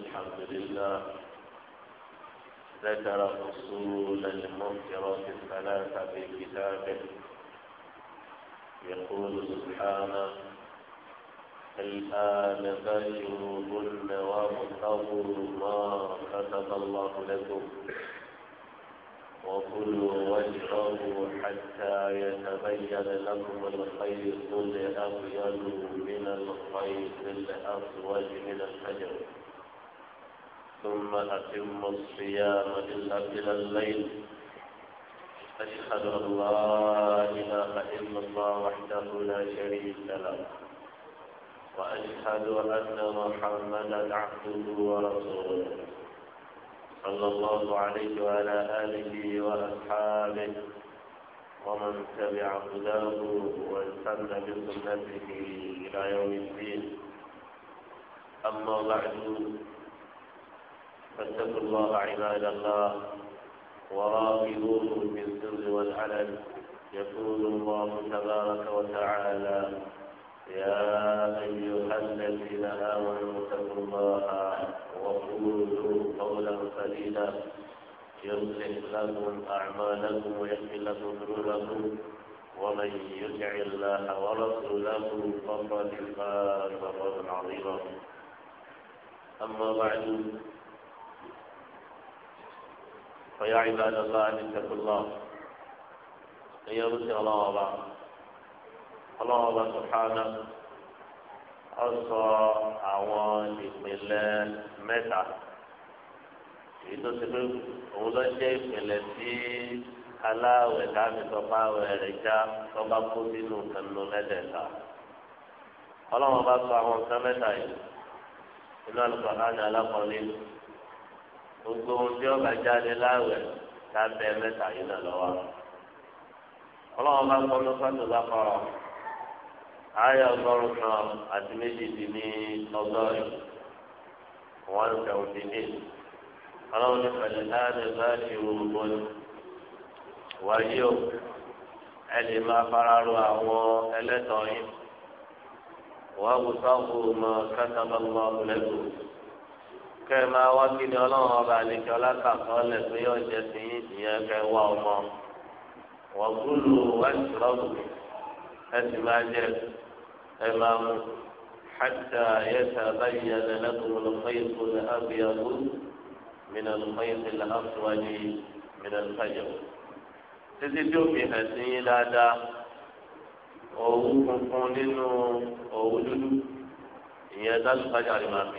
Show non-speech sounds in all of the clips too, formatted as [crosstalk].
الحمد لله ذكر أصول المنكرات الثلاثة في كتابه يقول سبحانه الآن باشروهن وابتغوا ما كتب الله لكم وكلوا واشربوا حتى يتبين لكم الخيط الأبيض من الخيط الأسود من الفجر ثم أتم الصيام إلى الليل أشهد أن لا إله إلا الله وحده لا شريك له وأشهد أن محمدا عبده ورسوله صلى الله عليه وعلى آله وأصحابه ومن تبع هداه واستنى بسنته إلى يوم الدين أما بعد فاتقوا الله عباد الله وراقبوه بالسر والعلن يقول الله تبارك وتعالى يا أيها الذين آمنوا اتقوا الله وقولوا قولا سديدا يصلح لكم أعمالكم ويغفر لكم ذنوبكم ومن يطع الله ورسوله فقد فاز فوزا عظيما أما بعد فيا عباد الله أن اتقوا الله ẹ̀yẹ ló ti ọlọ́wọ́ ọba ọlọ́wọ́ ọba sọ̀hánà ọ sọ àwọn ìpìlẹ̀ mẹ́ta èyí tó ti pé òun lọ jẹ́ ìpìlẹ̀ tí aláwẹ̀ dábì tọ́pá àwẹ̀ rẹ̀ já tọ́ba kó sínú nǹkan nínú mẹ́tẹ̀ẹ̀ta ọlọ́wọ́ ọba sọ àwọn nǹkan mẹ́ta yìí nínú àlùkò àná alákọ̀ọ́lẹ́ gbogbo ohun tí ọba jáde láwẹ̀ lábẹ́ mẹ́ta yìí náà lọ́wọ́ ọlọ́wọ́n bá gbọ́ ló fẹ́ẹ́ tó bá kọ́rọ̀ ayé ọgọ́rùn kan àti méjì dín ní ọgọ́rin one seventy eight ọlọ́wọ́n ní pẹ̀lú láàrin bá ṣe wúwo ni wáyé o ẹ máa fara ro àwọn ẹlẹ́tọ̀ọ́ yìí wọ́n wù sáwù mọ́ kátàbọ̀ mọ́ lẹ́gbẹ̀ẹ́ kẹ́ ẹ máa wá kí ni ọlọ́run ọba àlejò alákàkọ́ọ́lẹ̀ pé yóò jẹ sí ìyẹn kẹ́ wá ọmọ wọ́gúlù wáṣírọ́bù ẹ sì máa jẹ ẹ máa mú حتى يتبين لكم الخيط الأبيض من الخيط الأسود من الفجر títí tí ó fi hàn sí yín dáadáa òwú funfun nínú òwú dúdú ìyẹn dálùfájà lè máa fi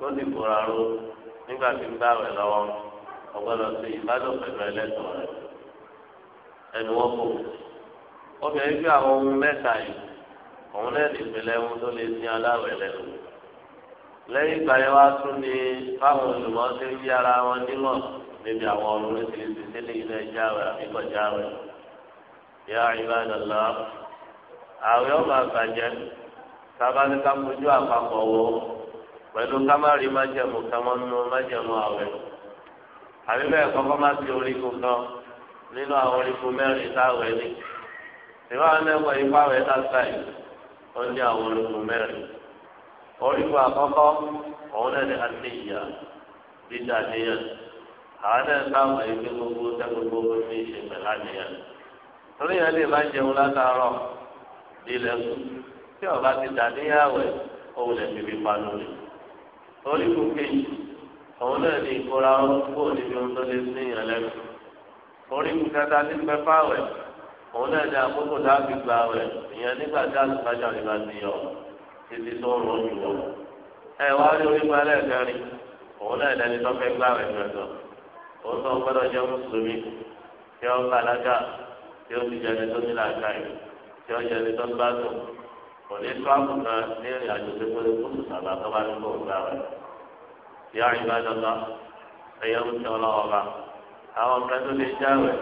tó ti kóra ro nígbà tí ń bá rẹ̀ lọ́wọ́ ọgbọ́dọ̀ sí ìbádọ́ pẹ̀lú ẹlẹ́tọ̀ rẹ̀ ẹnu wọn kò obìnrin bí àwọn ohun mẹ́ta yìí òun náà lè pèlè ohun tó lè ní aláwẹ̀ lẹ́nu lẹ́yìn ìgbà yẹn wá tún ni báwọn olùmọ̀ ṣe ń yára wọn nímọ̀ níbi àwọn ọ̀run oríṣiríṣi sílé ilé jáwé àbíkọ̀ jáwé yá ìbádọ́lá àwẹ̀ ọ̀gbà àgbàjẹ́ sábà ní ká fojú àpapọ̀ wọ̀ pẹ̀lú kámárì májẹ̀mú kámọ́nú májẹ̀mú àwẹ̀ àbí bẹ́ẹ̀ kọ́kọ́ má fi orígun kan nínú àwọn orígun mẹ́rin táwẹ̀ ní ìwà mẹ́wàá ipá wẹ̀ sáfà yìí ó ní àwọn orígun mẹ́rin orígun àkọ́kọ́ òun náà ní àtẹ̀yà dídá àníyàn àwọn náà táwọn ìgbé gbogbo tẹ ní ìṣe pẹ̀lú àníyàn torí yẹn lè má jẹun látàárọ̀ nílẹ̀ sùn tí ọba torí kò kéjì òun náà ní ìkóra kó níbi ohun tó lè sí ìyàn lẹ́nu torí kò kẹta ní pẹ́pà wẹ̀ òun náà ní àkókò dábì gba wẹ̀ ìyẹn nígbà tí àtúntàjà rẹ̀ bá ti yọ títí tó ń rọjò wọ̀ ẹ wá rí orí gbalẹ̀ kẹrin òun náà lẹni tó fẹ́ gbà wẹ̀ gbẹ̀dọ̀ òun tó gbọ́dọ̀ jẹ́ mùsùlùmí tí ó ń balaga tí ó ti jẹ́ ẹni tó ní làákàyè tí ó jẹ́ ẹni tó ń gbádùn kò ní sọ àgùntàn ní ìrìn àjò tó kéré fún ìsàlà tó bá ní kó gbà rẹ yá ìgbà dọ́là ẹ̀yẹ ń tẹ ọlọ́wọ́ bá àwọn kan tó lè jáwèé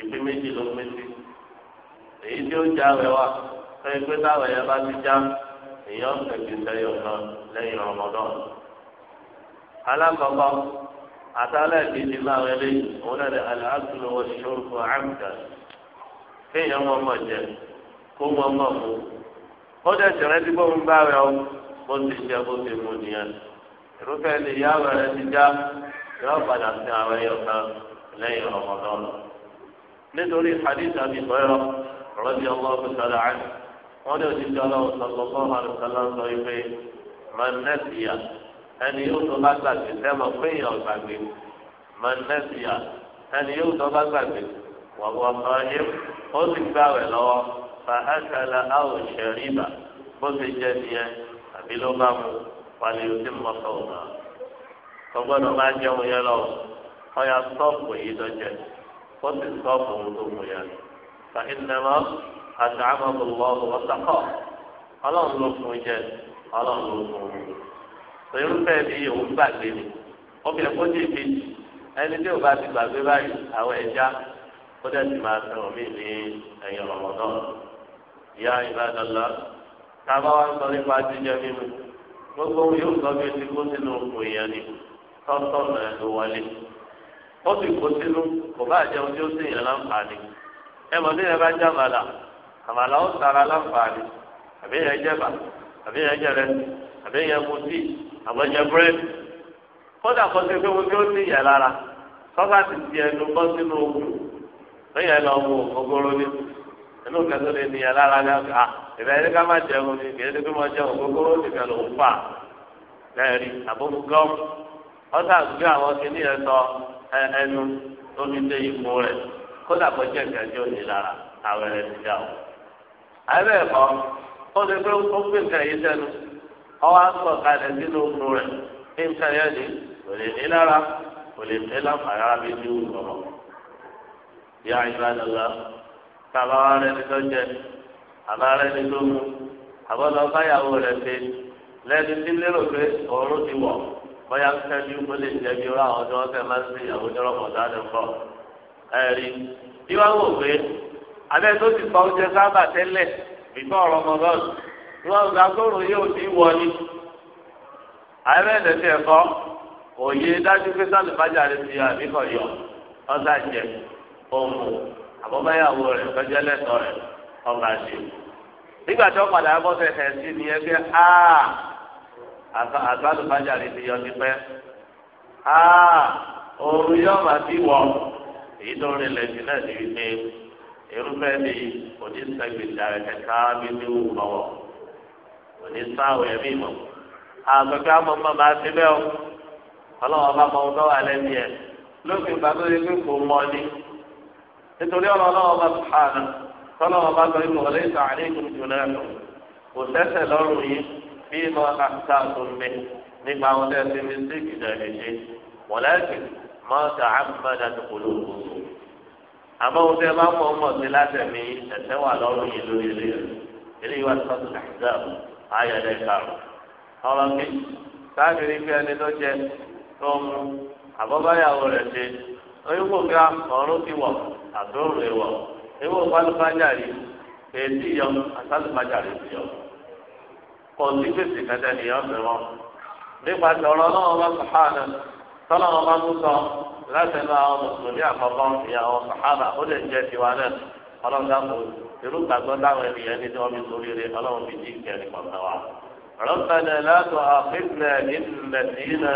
ìpín méjì ló pín sí èyí tí ó jáwèé wá fẹ́ẹ́ pé táwọn ẹ̀yẹ bá ti já èyàn tẹ̀sí sẹ́yìn ọ̀nà lẹ́yìn ọmọdún alákọ̀ọ́kọ́ àtàlẹ́ ìdíje máa wẹlé òun kó mọ̀ mọ̀ fún ó dẹ̀ sẹ̀rẹ̀ tí gbóhùn bá rẹ̀ o bó ti jẹ bó ti mú nìyẹn irúfẹ́ ilé ìyá rẹ̀ ti já yóò padà sí àwọn ẹyọ kan lẹ́yìn Ramadan nítorí hadith àbí bẹ́rọ rọ́bì ọlọ́ọ̀bù sọ̀rọ̀ àná wọ́n ní òṣìṣẹ́ ọlọ́wọ́ sọ̀tọ̀tọ̀ àrùsọ̀lá sọ pé mọ̀nẹ́sìyà ẹni yóò tó bá gbàgbé sẹ́mọ̀ péyàn gbàgbé mọ̀nẹ́sìyà ẹni yóò tó bá gbàgbé wọ̀wọ̀ kan ó sì gbàwẹ̀ lọ́wọ́ fàákàlà àwòṣẹ̀ríbà bó ṣe jẹ nìyẹn àbí ló bá mu wàlẹ̀ òsì mọ̀ sọ̀rọ̀ ọgbọ́dọ̀ máa jẹun yẹn lọ ọyà sọ́ọ̀pù yìí lọ́jẹ̀ ó sì sọ́ọ̀pù ohun tó mú yẹn fa ìnàmọ́ àti àmọ́bùlọ́ ọ̀sàkọ́ ọlọ́run ló fún jẹ ọlọ́run ló fún un irúfẹ́ bí òun gbàgbé ni obìnrin kò tí ì fi ẹni tí ò bá ti gbàgbé báyìí àwọn ẹja ó dẹ̀ sì máa sọ̀rọ̀ mí ní ẹ̀yìn ọ̀rọ̀ náà ìyá ìbádọ́lá tàbá wa ń sọ nípa jíjẹ mímu gbogbo yóò sọ bí ti kó sínú òkun èèyàn ni tọ́tọ́ náà ló wọlé ó sì kó sínú kò bá jẹun tí ó sì yàn láǹfààní ẹ mọ̀ bí ẹ bá jẹ́ àmàlà àmàlà ó sara láǹfààní àbí ẹ jẹ́ bà àbí ẹ jẹ́ rẹ àbí ẹ mu tíì àbọ̀jẹ búrẹ́dì kódà kó ti pé mo tí ó sì yàn lára tọ́ba ti di ẹnu bọ́ sínú òkun lóyè lọ́wọ́ ògógóró ní. inú kẹsàn-án lè ní alára ní ọ̀gá ìbẹ̀ ẹni ká má jẹun ni kì í ṣe pé mo jẹun gbogbo nìkan ló ń fà lẹ́ẹ̀rí àbókù gọ́m ọ̀sà gbé àwọn kìíní yẹn sọ ẹnu dé ipò rẹ̀ kódà kó jẹ́ ní lára àwọn o. ó pé ó gbé nǹkan yìí sẹ́nu ọwọ́ kalẹ̀ sínú ogun rẹ̀ nǹkan yẹn ni kò lè ní lára kò lè tàbá wa rẹ ní tó jẹ àbá rẹ ní tó mu àbọ̀dọ̀ báyàwó rẹ ṣe lẹ́ni tí ti wọ̀ bóyá sẹ́bi ó lè jẹ́ bí irú àwọn ọjọ́ ọ̀sẹ̀ máa ń sin ìyàwó ní ọlọ́mọdé àdúgbò ẹ̀rí bí ti pa oúnjẹ sábà tẹ́lẹ̀ bíbọ̀ ọ̀rọ̀ mọ́gọ́sì ni wọ́n gba gbóòrò yóò ti wọ̀ ni àbẹ́ ẹ̀dẹ̀tẹ̀ ẹ̀kọ́ òye ti àbọ̀báyàwó rẹ̀ tọ́jọ́ lẹ́tọ̀ọ́ rẹ̀ ọba ṣe. nígbà tí wọ́n padà bọ́ sẹ̀sẹ̀ sí ni ẹgbẹ́ áà àgbàlùbájà rẹ̀ ti yọ ti pẹ́ áà òru yóò máa bí wọ èyí tó rìn lẹ́sìn náà ní wípé irúfẹ́ mi kò ní sẹ́gbẹ̀dà rẹ̀ kẹta mi ní wù lọ́wọ́ kò ní sáwọ̀ ẹ̀mí mọ̀ àgbẹ̀gbẹ́ amọ̀mọ́ máa ti bẹ́ẹ̀ o ọlọ́wọ́ bá mọ ọdọ́ lẹ́nu yẹn lókè ìgbà tó yẹ mọ ni nítorí ọ̀rọ̀ ọlọ́wọ́ bá sùhánà tọ́lọ́wọ́ bá sọ ìmọ̀ ọ̀lẹ́ ìtàn àlékún jùlọ ẹ̀kọ́ kò sẹ́sẹ̀ lọ́rùn yìí bí mo àkàtà tó mi nígbà wọn tẹ́ ti mi sí ìdá ẹ̀ṣẹ̀ wọ̀lẹ́kì mọ́ ta àmàdà tó kúló kúló. àmọ́ wọn tẹ́ bá mọ̀ mọ̀ sí látẹ̀mí ẹ̀ṣẹ̀ wà lọ́rùn yìí lórí ilé ilé ìwà sọ́tù àìsàn ayẹ̀dẹ̀ karùn oyún kò ga ọ̀run ti wọ̀ àtọ́rùn ẹ̀wọ̀ ewu balùbájà rí èdè yọ àtàlùbájà rí ti yọ kò sí gbèsè kẹtẹ nìyọ fẹ wọn nípa tọrọ náà wọn sàhánà tọ́lá wọn bá tún sọ láti ẹnu àwọn mùsùlùmí àkọ́kọ́ ìyàwó sàhánà ó lè jẹ tiwa náà ọlọ́run dàpọ̀ irú gbàgbọ́ táwọn ènìyàn ní tí wọ́n fi sórí rẹ ọlọ́run fi jí ìkẹ́ni kọ̀ọ̀kan wa. ربنا لا تؤاخذنا إن نسينا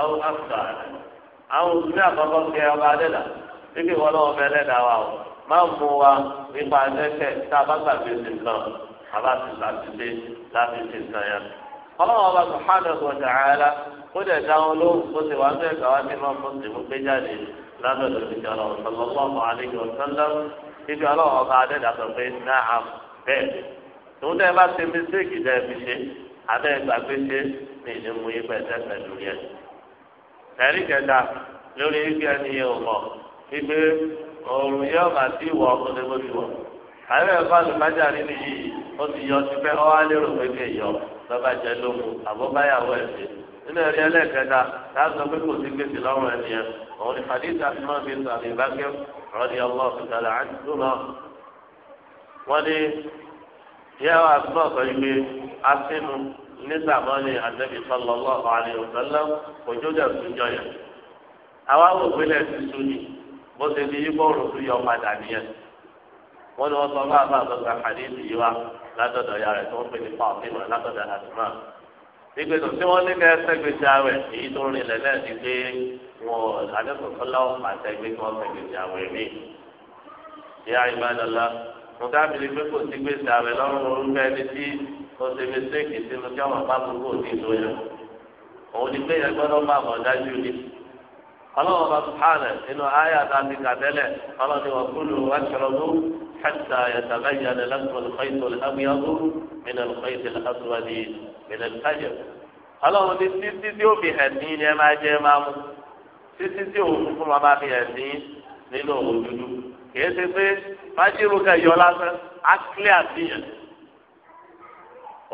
أو أخطأنا àwọn òṣìṣẹ́ àkọ́kọ́ ń kẹ ọba adẹ́dà wípé wọn lọ́wọ́ fẹ́ lẹ́dàá wa o máa mú wa nípa ẹlẹ́sẹ̀ tá a bá gbàgbé sí nǹkan àbá láti dé láti ṣe nǹkan yẹn. ọlọ́wọ́ dẹ̀ wá bẹ́ẹ̀ gbé jáde tòun bá ṣe gbàgbé ṣe ẹ̀rí kẹta lórí ibi ẹni yẹn ò mọ̀ ibi òòrùn yóò bá sí ìwọ ọkùnrin bó ti wọ̀ àyẹ̀wò ẹ̀fọ́ àlùfájà rí nìyí ó ti yọ sí pé ọ́ wá lérò pé kéèyàn lọ́ba jẹ lóko àbọ̀báyàwó ẹ̀sìn nínú ẹ̀rí ẹlẹ́ẹ̀kẹta láàbùsọ pé kò sí gbèsè lọ́rùn ẹni yẹn òun ni hadith asmọ́ bíi sàbí bákẹ́ rọ́ọ̀dì ọlọ́ọ̀fù tààlà àdúgbò náà wọ́n ní yẹ́wọ́ asmọ́ sọ yìí ní sàmọ́lì àtẹ́bí sallallahu alaihi wasallam òjò dẹ̀ sunjọ yẹn. àwa wò gbélé sísú ni bó ṣe di yíbọn rúdú yọ padà nìyẹn. wọ́n ní wọ́n sọ fún àbá àtọ́gbà hadith yìí wá látọ̀dọ̀ ya rẹ̀ tó ń pè ní Fatima látọ̀dọ̀ Asma. ìgbésò tí wọ́n ní kẹ́ sẹ́gbèsì àwẹ̀ èyí tó rinlẹ̀ náà ti pé wọn àdẹ́kọ̀ọ́lọ́wọ́ àtẹ̀gbẹ́sọ̀ sẹ́gbèsì àwẹ̀ mi. ìyá ìbádọ́lá mo dábìlì pé kò sí gbèsè àwẹ̀ lọ́rùn orúkọ ẹni tí ó ṣe fi séèkì sínú kí ọmọ bá gbogbo òdì ìlóyún òun ni pé yẹn gbọ́dọ̀ máa mọ̀ dájú ni ọlọ́wọ́ bá sùpáàlẹ nínú ayé àtàkì kàtẹlẹ ọlọni wà kúlù wà kẹrọbù kẹta yàtàkà yàtà lẹsùn olùkọyìtò lẹsàmìyàwó nínú olùkọyìtò lẹsàmìyàwó nínú olùkọyìtò ọlọ́run ní títí tí ó fi ẹ̀sìn ni ẹ máa jẹ máa mú títí tí òun fún wa máa fi ẹ̀sìn nínú òun dúdú kìí ṣe pé májírù kẹyọ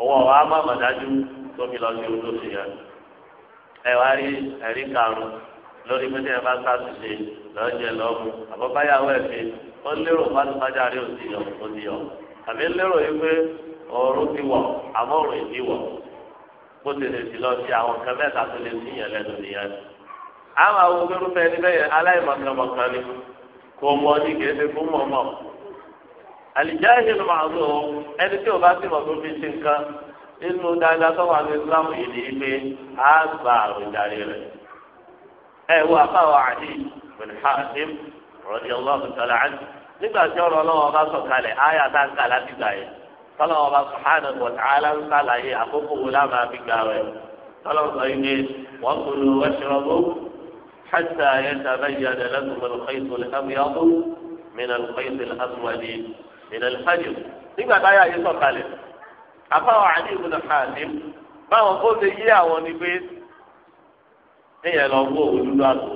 ọwọ́ wa má mà dájú tó lọ sí ojú sí yẹn. ẹ wá rí ẹ̀rí karùn-ún lórí pété ẹ bá sàtúnṣe lọ́jẹ̀ lọ́mú àbọ̀báyàwó ẹ̀fẹ́ ó lérò pátápátá rí òsì yọ àbí lérò yìí pé ọ̀rọ̀ ti wọ̀ àmọ́ ọ̀rọ̀ ìdí wọ̀ bó ti lè lọ sí àwọn mẹ́ta tó lè lẹ́nu nìyẹn. àwọn ẹni aláìmọ̀kànmọ̀kàn ni kò ní kéde fún mọ̀mọ́ àlìjáhìlì màdó ẹni tí o bá ti mọ̀ tó fi ṣe nǹkan nínú dáadáa tó wà ní islamu yìí ni pé a gba àròjàre rẹ̀ ẹ wo àbáwọ àdì bin hasim radiyallahu ta'ala anhu nígbà tí ọ̀rọ̀ ọlọ́wọ́ bá sọ̀kalẹ̀ ayé àtàǹkà láti gbà yẹn tọ́lọ́wọ́ bá sọ̀hánà bọ̀ tààlà ń sàlàyé àkókò wo láwọn àbígbà rẹ̀ tọ́lọ́wọ́ sọ yìí ni wọ́n kúrò wọ́n ṣe حتى يتبين لكم الخيط الأبيض من الخيط الأسود ìlẹ̀ fájò nígbà táyà yìí sọ̀kalẹ̀ àfáwọn àdé ìbùdó àdé báwọn kó lè yé àwọn ni pé níyẹn lọ bó òdúdó àgbò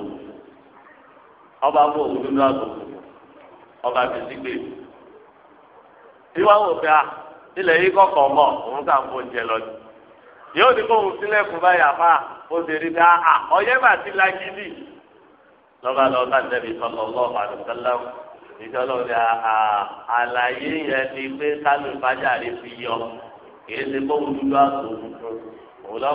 ọba bó òdúdó àgbò ọba bìsígbè ìwà òfin à ilẹ̀ yìí kọ̀kọ̀ mọ̀ òun kà ń bó jẹ lọ yóò ní kó òun sílẹ̀kùn báyà fà ó ṣe rí ká à ọ̀yẹ́ bàtí lagídì lọ́ba lọ́ba nẹ́bí sọ̀tọ̀ lọ́ọ̀bà lọ́sẹ̀lẹ́wọ̀n ìjọlọ́wọ́ ni àlàyé yẹn ti pé kálù ìfájàre fi yọ kì í ṣe kó wúlò àtòwù fún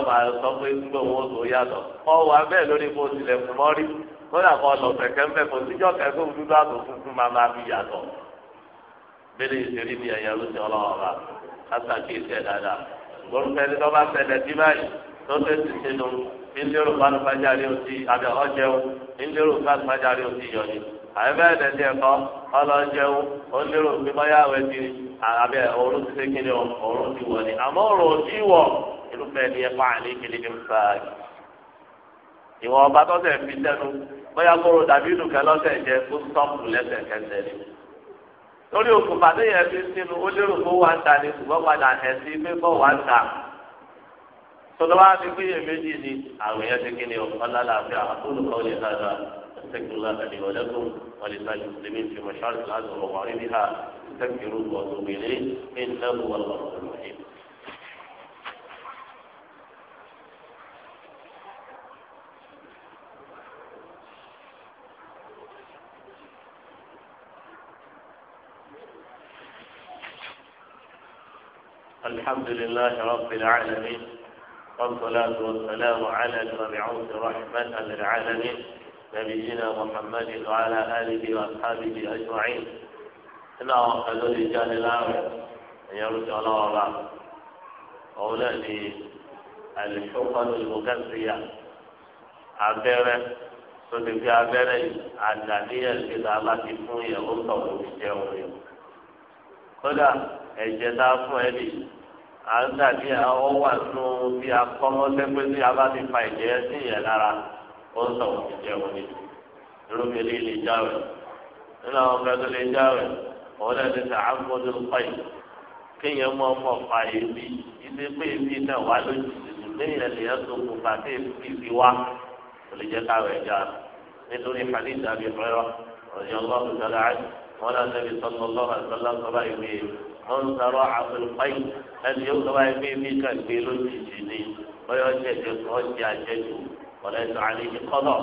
òun náà máa sọ pé gbogbo wọn tó yàtọ̀ kọ́ wa bẹ́ẹ̀ lórí kó tilẹ̀ fún mọ́rí kódà kọ́ lọ kẹ̀kẹ́ ń bẹ̀ kó síjọ́ kẹ́kẹ́ wúlò àtòwù fún máa máa fi yàtọ̀ bẹ́ẹ̀ ni ìṣèlú ni ẹ̀yàn ló ti ọlọ́wọ́ bá kásá kì í ṣe dáadáa gbọ́dọ̀ ẹni tó ṣẹlẹ̀ dí báyìí tó ṣe àbẹ́bẹ́ ẹ̀dẹ̀dẹ̀ ẹ̀kọ́ ọlọ́jẹun ó lérò ti àbẹ òórùn ti ṣe kéde ti wọ̀ ni àmọ́ ọ̀rọ̀ òdì wọ̀ irúfẹ́ ni ẹ̀kọ́ àlẹ́ kéde ní fàájì. ìwọ ọba tó tẹ̀ fi sẹ́nu bóyá kóró dàbí ìdùnkẹ́ lọ́sẹ̀ jẹ́ kó sọ́ọ̀pù lẹ́sẹ̀ kẹsẹ̀ ni. lórí òkú yẹn fi sínú wà ń ta ni ṣùgbọ́n padà ẹ̀ pé bọ́ wà ń ta. أستغفر الله لي ولكم ولسائر المسلمين في مشارق الأرض ومغاربها استغفروه وأتوب إليه إنه هو الغفور الرحيم الحمد لله رب العالمين والصلاة والسلام على المبعوث رحمة للعالمين نبينا محمد وعلى آله وأصحابه أجمعين إن أوحد رجال الأمر أن يرجع الله أولئك الحقن المكسية عبارة sọdẹ̀bí abẹ́rẹ́ àdàníyàn ti ta láti fún ìyàwó tọ̀wọ̀ fi jẹ́ orin o. kódà ẹ̀jẹ̀ tá a fún ẹ lè à ń dàbí ọwọ́ wà nù bí akọ́mọ́sẹ́pẹ́ tí a bá ti fa ẹ̀jẹ̀ sí ìyẹn lára ó ń sọ̀rọ̀ ti jẹ́ wọn ni irúfẹ́ lè lè jáwé nínú àwọn ọmọ ẹgbẹ́ lè jáwé òun náà ti sàn án mọ́tò pàì kéèyàn mọ́ ọmọ pa èmi ilé pé èmi náà wà lójijì lẹ́yìn ẹ̀lẹ́yà tó kù pàtẹ́ ìfi wá kò lè jẹ́ káwé ẹja nítorí hadith àbí ìfẹ́rọ ọ̀dì ọlọ́run tó dáa wọn náà tẹ̀lé sọ́nà ọlọ́run àtọ́lá sọ́ba ìwé wọn sọ̀rọ̀ àfẹ́lùpáì ẹni yóò sọ́ba ìwé mi kà gbé lójijì ni bọ́yọ̀ jẹ̀jẹ̀ kọ́ jẹ́ àjẹjù kọlẹ tó alẹ yìí kọlọ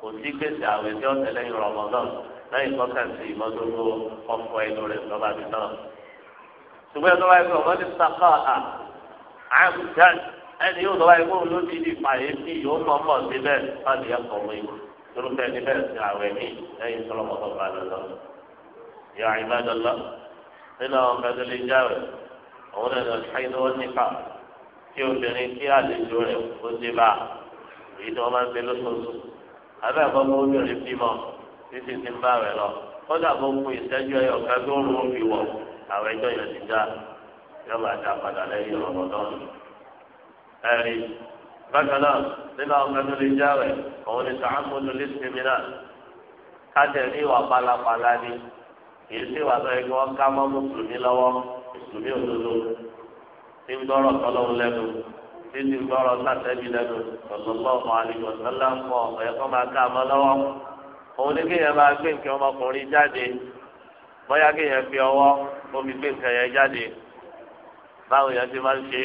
kò sí gbèsè àwẹ̀ tí ó tẹ̀lé yìí rọmọdán lẹ́yìn kọkàn sí ìmọ́tótó ọkọ ẹnu rẹ lọba mi náà ṣùgbọ́n tó bá yẹ kó ọmọ ní sàkọ à àmùdán ẹni yóò tó bá yẹ kó olóbi ní ìpàyé bí yóò mọ mọ sí bẹ́ẹ̀ láti yẹ kọ mi lórúkọ ẹni bẹ́ẹ̀ sí àwẹ̀ mi lẹ́yìn sọlọmọdọ bá lọ lọ yà èyí tí wọ́n máa ń gbé lóṣooṣù abẹ́ àbọ̀ mú obìnrin bímọ títí ti ń bá rẹ̀ lọ kọ́dà bó kú ìṣẹ́jú ẹyọ kan tó rún ó fi wọ̀ àwọn ẹjọ́ yẹn ti dá yọ máa dá padà lẹ́yìn ọ̀rọ̀ ẹ̀rí bákan náà nínú àwọn kan tó lè já rẹ̀ òun ni sàmúlò lè sinmi náà kájẹ̀ ní ìwà pálapàla ni kì í sí ìwà tó yẹ kí ká mọ́ mùsùlùmí lọ́wọ́ mùsùlùmí òdodo ní ń dọ́rọ̀ tọ́lọ́run lẹ́nu nínú ìgbọràn sàtẹ́bí lẹ́nu sallallahu alaihi wasallam ń pọ̀ ẹ̀kọ́ máa ká àmọ́ lọ́wọ́ òun ní kéèyàn máa gbé nǹkan ọmọkùnrin jáde bóyá kéèyàn fi ọwọ́ omi gbé nǹkan yẹn jáde báwo yẹn ti máa ń ṣe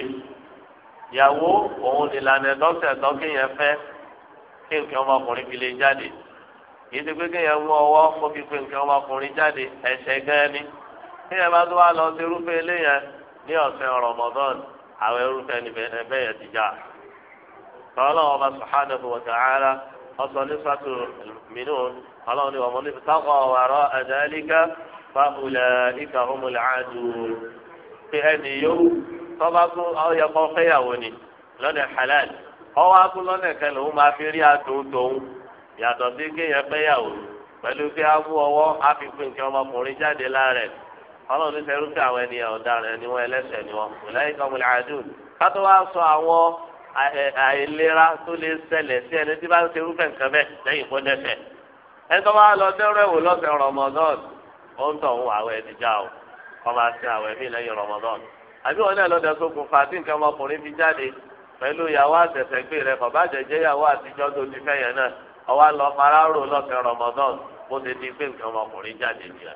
ìyàwó òun ìlànà dọ́kítà tó kéèyàn fẹ́ kí nǹkan ọmọkùnrin fi lè jáde kì í ti pé kéèyàn mú ọwọ́ omi gbé nǹkan ọmọkùnrin jáde ẹ̀ṣẹ̀ gan ni kéèyàn bá tó wá lọ sí irúfẹ́ eléyàn ní ọ̀sẹ̀ Ramadan àwọn irúfẹ́ níbẹ̀ ẹ̀bẹ́ yẹn ti já tọ́lọ́ ọba subhanahu wa ta'ala ọsọ ní sọ́tù mìíràn ọlọ́run ni ọmọ níbi táwọn ọ̀wàrọ̀ ẹ̀dẹ́líkà fáfúlẹ̀ ìkà ọmọlẹ̀ àjù pé ẹnì yóò tọ́ba fún ọyẹ kọ́ fẹ́yàwó ni lọ́nà halal ọwọ́ akú lọ́nà kan lòun máa fi rí àtòun yàtọ̀ sí kéèyàn fẹ́yàwó pẹ̀lú pé á mú ọwọ́ á fi pín nǹkan ọmọkùnrin jáde láàrẹ̀ ọlọ́run ní sẹ́rú sí àwọn ènìyàn ọ̀daràn ni wọ́n ẹlẹ́sẹ̀ ni wọ́n kò láyé kan wọlé àdùn kátó wá sọ àwọn àìlera tó lè ṣẹlẹ̀ sí ẹni tí bá ń serú fẹ̀ nǹkan bẹ́ẹ̀ lẹ́yìn kó dẹ́ṣẹ̀ ẹni tó bá lọ dẹ́rọ ẹ̀wò lọ́sẹ̀ Ramadan ó ń tọ̀ ń wà àwẹ̀ ẹ̀dìjà o kọ́ máa sin àwẹ̀ mí lẹ́yìn Ramadan àbí wọn náà lọ́dẹ sókun fàtí nǹkan ọmọkùnrin fi jáde pẹ̀lú ìyàwó àtẹ̀sẹ̀ rẹ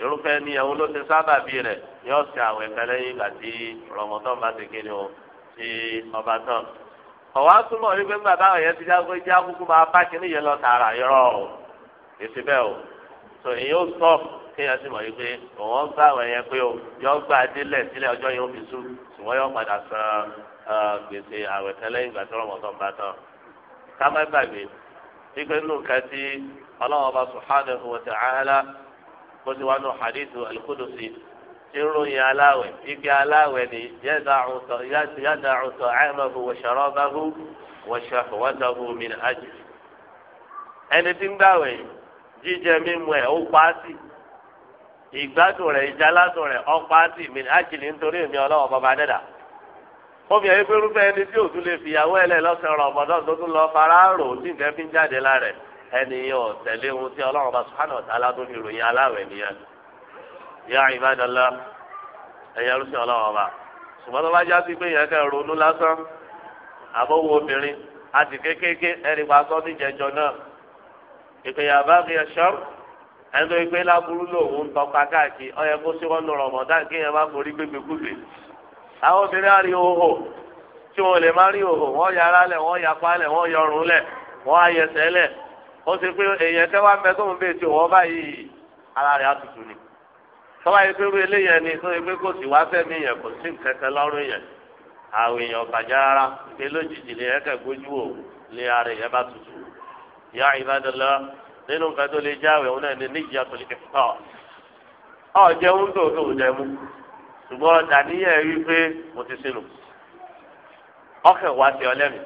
irúfẹ́ níyàwó ló ti sábà bí rẹ̀ yóò ṣe àwẹ̀ kẹlẹ́ yìí gbà tí rọmọtọ́ bá ti kéde o ti ọba tán. ọ̀wá túmọ̀ wípé nígbà táwọn yẹn ti jágbó já kúkú máa bá kíní yẹn lọ tààrà yọrọ o èsì bẹ́ẹ̀ o tó èyí ó sọ kéèyàn sì mọ̀ wípé òun gbà àwọn yẹn pé o yọ gbà délẹ̀ sílẹ̀ ọjọ́ yẹn ó fi sú ṣùgbọ́n yọ padà san gbèsè àwẹ̀ kẹlẹ́ ìgbà tí rọmọtọ́ bá tán. ká má gbàgbé wípé nínú bó ti wá nù hadith al-Qudusi tí ń aláwẹ̀ igi aláwẹ̀ ni yàda ọ̀tọ̀ àìmọ̀hu wọ̀ṣọ̀rọ̀báhu wọ̀ṣọ̀wọ́tọ̀hu min ajì. ẹni tí ń gbàwẹ̀ jíjẹ mímu ẹ̀ ó pa ìgbádùn rẹ̀ ìjáládùn rẹ̀ ó pa á sí min nítorí èmi ọlọ́wọ́ bàbá dẹ́dà. omi ẹ̀yẹ́ tí òtún lè lọ́sẹ̀ tó tún lọ fara rò fi ń jáde lára ẹni yóò tẹ̀lé ohun tí ọlọ́run bá subhanahu wa ta'ala tó fi ròyìn aláwẹ̀ nìyẹn. ya ibadallah ẹ̀yẹ rúṣin ọlọ́run ọba ṣùgbọ́n tó bá já sí pé yẹn kẹ́ ronú lásán àbówó obìnrin àti kékèké ẹni pa sọ́ ní jẹjọ náà. ìpèyà bá fi ẹ̀ṣọ́ ẹni tó gbé láburú lòun tọpa káàkiri ọyẹ kó sí wọn lọrọ mọdán kí yẹn má forí gbégbégbé àwọn obìnrin á rí òhò tí wọn lè má rí òhò wọn yàrá lẹ wọn yàpá lẹ wọn yọrùn lẹ wọn ayẹsẹ lẹ ó ṣe pé èèyàn tẹ́ wá mẹ́tọ́ ń bèèrè tí òwò báyìí ara rẹ̀ á tutù ni tọ́wá yìí pé wíwé léyìn ni tó yẹ pé kò sí wá fẹ́mi yẹn kò sí kẹ̀kẹ́ lọ́rùn yẹn àwọn èèyàn bàjẹ́ ara pé lójijì lè ẹ̀kẹ́ gbójú wò lé ara yẹn bá tutù yá ìbádọ́lá nínú nǹkan tó lè jáwé òun náà ní níjà tó lè fọ́ ọ jẹun tó tó jẹmu ṣùgbọ́n dàníyàn rí pé mo ti sinú ọkẹ́ wá sí ọlẹ́mi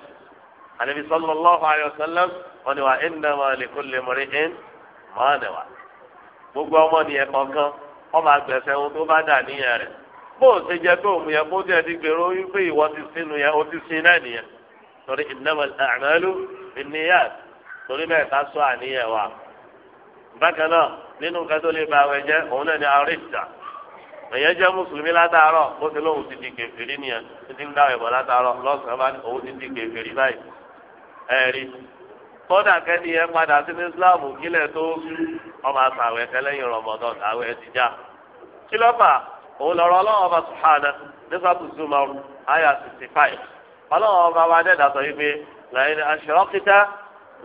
àlebi sallallahu alaihi wọ́n ní wa innama likulli mri'in ma nawa gbogbo ọmọ nìyẹn kankan wọ́n máa gbẹ̀sẹ̀ ohun tó bá dà níyẹn rẹ̀ bó o ṣe jẹ́ pé òun yẹn bó tiẹ̀ ti gbèrò wípé ìwọ ti sínú yẹn o ti sin náà nìyẹn torí innamal a'malu binniyat torí bẹ́ẹ̀ ká sọ àníyàn wa bákan náà nínú nǹkan tó lè ba àwẹ̀ jẹ́ òun náà ni àríjà èyàn jẹ́ mùsùlùmí látàárọ̀ bó ti lóun ti di kèfèrí nìyẹn títí ń dáwẹ̀ bọ̀ látàárọ̀ lọ́sàn-án bá òun ti di kèfèrí báyìí ẹ̀rí kódà kẹ́ni yẹn padà sí ní islamu kílẹ̀ tó ọmọ àtàwẹ̀ kẹlẹ́yìn rọmọdọ́ àwẹ̀ ẹ̀dìjà kí ló fà òun lọ́rọ̀ ọlọ́run ọba sùhánà nípa tùzùmọ̀rù àyà sixty five ọlọ́run ọba wa dẹ́dà sọ wípé lẹ́yìn aṣọ́kítà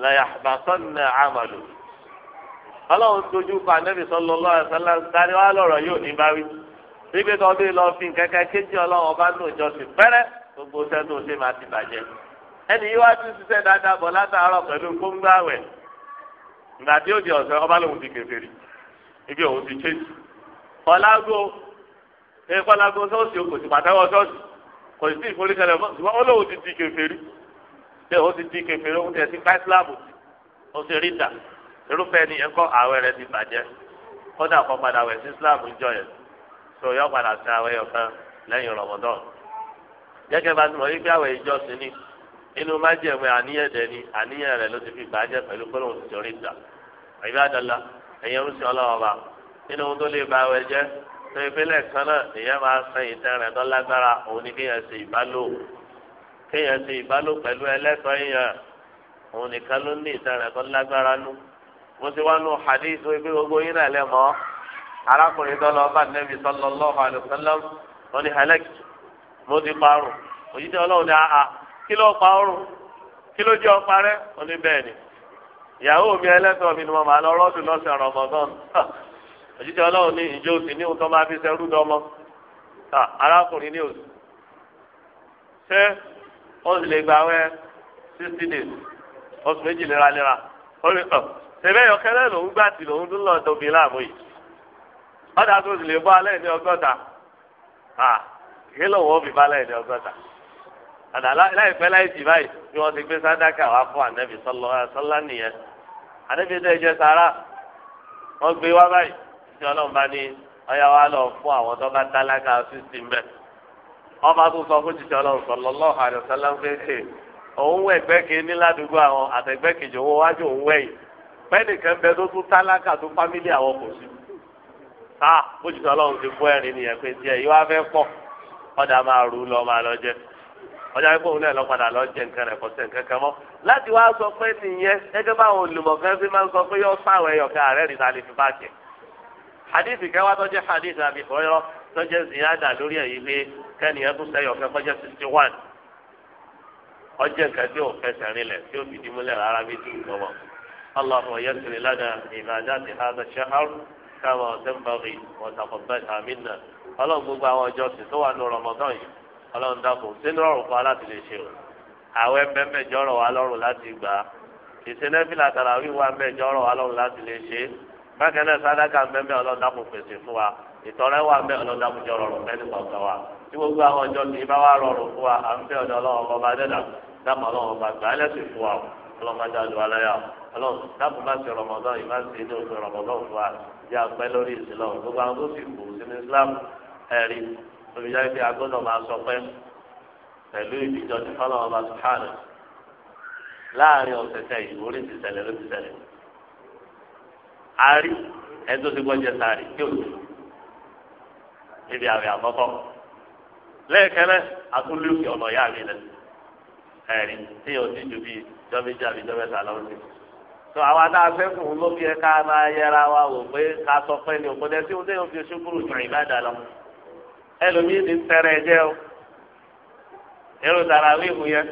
lẹ́yìn àbàtọ́nà àmàlù ọlọ́run dojú pa nẹ́bí sọ́lọ́ lọ́wọ́ sálá sáré ẹni yìí wá ti ṣiṣẹ́ dáadáa bọ̀ látàárọ̀ pẹ̀lú kóńgbàwẹ̀ ìgbà tí ó di ọ̀sẹ̀ ọba lòun ti kèfèrí ibi òun ti chéjì kọlágó ẹ kọlágó sọ́ọ̀sì kò sì pàtẹ́wọ́ sọ́ọ̀sì kò sì ìforíkẹlẹ̀ fún ṣùgbọ́n ó lóun ti di kèfèrí ṣé òun ti di kèfèrí òun tẹ̀ sí ó sì rí ìdà irúfẹ́ ni ẹ̀kọ́ ààwẹ̀ rẹ ti bàjẹ́ kódà kọ́ padà wẹ̀ sí islam jọ yẹn tó yọ padà sí ààwẹ̀ yọkan lẹ́yìn rọ̀mọ́dọ́n gẹ́gẹ́ bá ti mọ̀ yí pé ìjọsìn ni inú má jẹ pé àníyàn dẹ ni àníyàn rẹ ló ti fi bàjẹ́ pẹ̀lú pé òun ti jọ rí gbà ìbá dọlà ẹyẹ ń sọ ọlọ́rọ̀ wa inú tó lè ba awẹ jẹ tó ìpínlẹ̀ kan náà èyàn máa san ìtàn rẹ tó lágbára òun ni kéèyàn ṣe ìbálò kéèyàn ṣe ìbálò pẹ̀lú ẹlẹ́tọ̀ọ́ èèyàn òun nìkan ló ní ìtàn rẹ tó lágbára nú mo ti wá nu hadith tó ibi gbogbo yín náà lẹ mọ arákùnrin tó lọ bá nẹbi sallallahu alaihi kí ló pa ọrùn kí ló ọpa rẹ ó ni ìyàwó mi ẹlẹ́tọ̀ mi ni mo lọ rọ́ọ̀dù lọ́sẹ̀ rọ̀mọ̀gán [laughs] òjíṣẹ́ ọlọ́run ní ìjọ òsì ní òótọ́ máa fi ṣerú dọ́mọ arákùnrin ní òsì ṣé ó sì gba sixty days oṣù méjì léraléra ó lè lòún gbà tí lòún lọ tóbi láàmú yìí tó sì lè ní lòun fi àdá láìpẹ́ láìsí báyìí bí wọ́n ti gbé sádàkà wá fún ànẹ́bí sọlọ sọlá nìyẹn ànẹ́bí dẹ́ jẹ́ sàrà wọ́n gbé wá báyìí tí ọlọ́run bá ní ọyá wa lọ fún àwọn tó bá tálákà sísì mbẹ wọ́n bá tún sọ fún ọlọ́run sọlọ lọ́hùn àdó sọlá ń fẹ́ ṣe òun wẹ̀ ẹgbẹ́ kìíní ládùúgbò àwọn àtẹ̀gbẹ́ kejì owó wájú òun wẹ̀ yìí bẹ tó tún tálákà tó fámílì àwọn kò sí bójútó ọlọ́run ti fún ẹ̀rín nìyẹn pé tiẹ̀ yìí wá ọjà pé òun náà lọ padà lọ jẹ nǹkan rẹ̀ kọsẹ̀ nǹkan kan mọ́ láti wá sọ pé nìyẹn gẹ́gẹ́ báwọn olùmọ̀kan fi máa ń sọ pé yọ sáwọn ẹyọ kan ààrẹ rìta lè fi bá jẹ. hadith kẹwàá tó jẹ́ hadith àbí ọ̀yọ́ tó jẹ́ ziyada lórí èyí pé kẹ́niyàn tó sẹ́yọ̀ kan sixty one ọjọ́ nǹkan tí ò fẹsẹ̀ rinlẹ̀ tí ò fìdí múlẹ̀ rárá bí لنا عبادات هذا الشهر كما تنبغي وتقبلها منا اللهم gbogbo àwọn ọjọ́ sì tó wà ní Ramadan yìí ọlọ́run dákun sínú ọ̀rùn fún aláti lè ṣe o àwẹ̀ mẹ́mẹ́jọ rọ̀ wá lọ́rùn láti gbà á ìsinẹ́fìlà tàrà wíwá mẹ́jọ rọ̀ wá lọ́rùn láti lè ṣe bákan náà sàdákà mẹ́mẹ́ ọlọ́run dákun pèsè fún wa ìtọ́rẹ́ wà mẹ́ ọlọ́run dákun jọ rọrùn mẹ́rin kọ̀ọ̀kan wa tí gbogbo àwọn ọjọ́ kì í bá wà rọrùn fún wa à ń fẹ́ ọ̀dọ̀ ọlọ́run ọba dẹ́dà dáàmú ọlọ́run ọba gbà á lẹ́sìn fún wa ọlọ́run má dáa lu aláyà Islam ẹ̀rí olùyá ibi agbọ́dọ̀ máa sọ pé pẹ̀lú ìdíjọ ti fọlọ́ ọba sùhánù láàrin ọ̀sẹ̀ tẹ̀ yìí orí ti ṣẹlẹ̀ ló ti ṣẹlẹ̀ àárí ẹni tó ti gbọ́njẹ sáré tí ò sí ibi àwẹ̀ àkọ́kọ́ lẹ́ẹ̀kẹ́lẹ́ àtúndínlùkì ọ̀nà ìyá mi lẹ ẹ̀rí tí yóò ti ju bíi jọ́méjì àbí jọ́mẹ́ta lọ́wọ́ sí tó àwọn adáfẹ́ fún un ló fi ẹ ká máa yẹra wa wò pé ká sọ pé ní òpótẹ́ ẹlòmíì ti sẹrẹ jẹ o irun tàràwí ìhù yẹn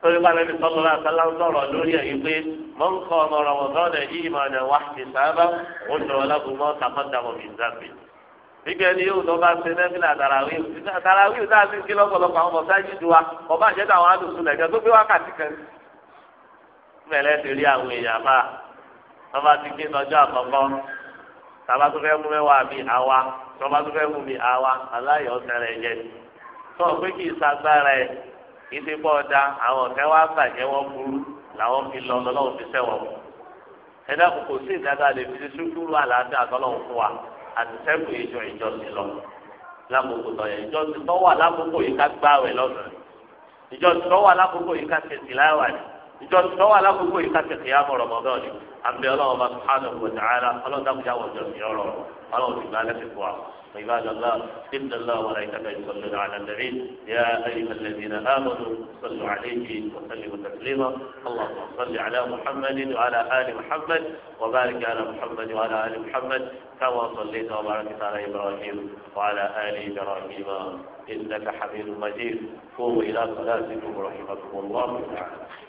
torí bá lẹbi sọlọ náà sọlá ń sọ̀rọ̀ lórí ẹ yìí pé mọ ń kọ ọmọ ọ̀rọ̀ ọdọ ọdẹ yìí máa nà wá ti sábà ó sọ̀rọ̀ lágùnmọ tàkọtàkọ mi zàbí. gbígbẹ́ ni yóò lọ bá ṣe nẹ́fìlà tàràwí ìhù tàràwí ìhù táà ti ń kí lọ́pọ̀lọpọ̀ àwọn mọ̀sájì ju wa ọba àjẹta àwọn alùpùpù lẹ̀kẹ́ tó gbé wákàtí kan. bẹ́ẹ̀ lẹ́sẹ̀ rí àwọn èèyàn máa wọ́n ti gbé sábà tó fẹ́ mú mẹ́wàá mi àwa sábà tó fẹ́ mú mi àwa aláyọ̀ ọ̀sẹ̀rẹ̀ yẹ tó o pé kì í sagbára ẹ kì í ti bọ́ ọ̀dà àwọn ọ̀fẹ́ wa bàjẹ́ wọn burú làwọn fi lọ lọ́wọ́ fi sẹ́wọ̀n ẹ dákun kò sí ìdájọ́ àlè fi ṣúkúrú àlàáfíà tọ́lọ́hún fún wa àti sẹ́kù ìjọ ìjọ sí lọ lákòókò tó yẹ ìjọ ti tọ́ wà lákòókò yìí ká gbáwẹ̀ lọ́sàn-án ìjọ ti tọ́ wà lákòókò yìí ká ṣe tìláwà ni ìjọsìn lọ́wọ́ alákòókò yìí káṣí kìyàmù rọmọdán ni àbí ọlọ́run bá sùhánù wọ̀tí ara ọlọ́run dàkúnyà wọ̀ jọ̀sìn ọ̀rọ̀ ọlọ́run ti gba alẹ́sìn fún wa. الله إن الله وملائكته يصلون على النبي يا أيها الذين آمنوا صلوا عليه وسلموا تسليما اللهم صل على محمد وعلى آل محمد وبارك على محمد وعلى آل محمد كما صليت وباركت على إبراهيم وعلى آل إبراهيم إنك حميد مجيد قوموا إلى صلاتكم رحمكم الله تعالى